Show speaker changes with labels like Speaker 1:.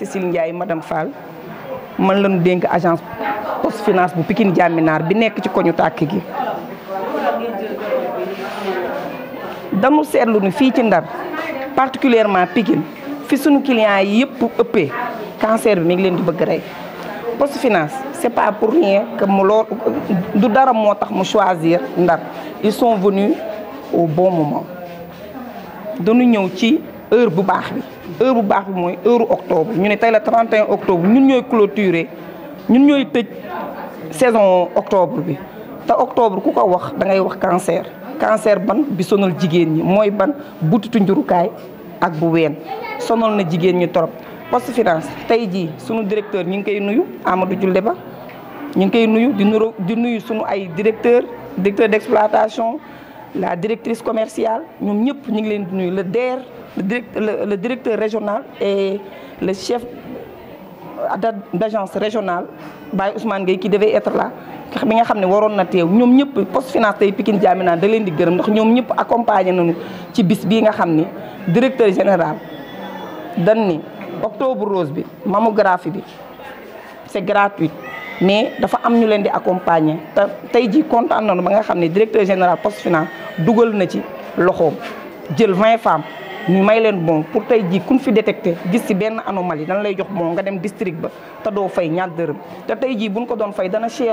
Speaker 1: Cécile Ndiaye madame Fall man lañu dénk agence poste finance bu Pikine Jàmminaar bi nekk ci koñu tàkk gi dañu seetlu ni fii ci Ndar particulièrement pikin fi suñu clients yi yëpp ëppee cancer bi mi ngi leen di bëgg rey poste finance c'est pas pour rien que mu lool du dara moo tax mu choisir Ndar ils sont venus au bon moment dañu ñëw ci heure bu baax bi heure bu baax bi mooy heure octobre ñu ne tey la 31 ñun ñooy clôturer ñun ñooy tëj saison octobre bi te octobre ku ko wax dangay ngay wax cancer cancer ban bi sonal jigéen ñi mooy ban butitu njurukaay ak bu ween sonal na jigéen ñi trop poste finance tey jii suñu directeur ñu ngi koy nuyu Amadou Julle Ba ñu ngi koy nuyu di nuyu di nuyu sunu ay directeur directeur d'exploitation la directrice commerciale ñoom ñëpp ñu ngi leen di nuyu le DER le, le, le directeur régional et le chef d'agence régionale Baye Ousmane Gueye qui devait être là bi nga xam ne waroon na teew ñoom ñëpp poste finance tey Pikine Diamina da leen di gërëm ndax ñoom ñëpp accompagné nañu ci bis bii nga xam ni directeur général dan ni octobre rose bi mammographie bi c'est gratuit mais dafa am ñu leen di accompagner te tey jii kontaan nañu ba nga xam ne directeur général poste finance dugal na ci loxoom jël 20 femme ñu may leen bon pour tey jii kuñ fi détecté gis ci benn anomalie dañ lay jox bon nga dem district ba te doo fay ñaar dërëm te tey jii buñ ko doon fay dana cher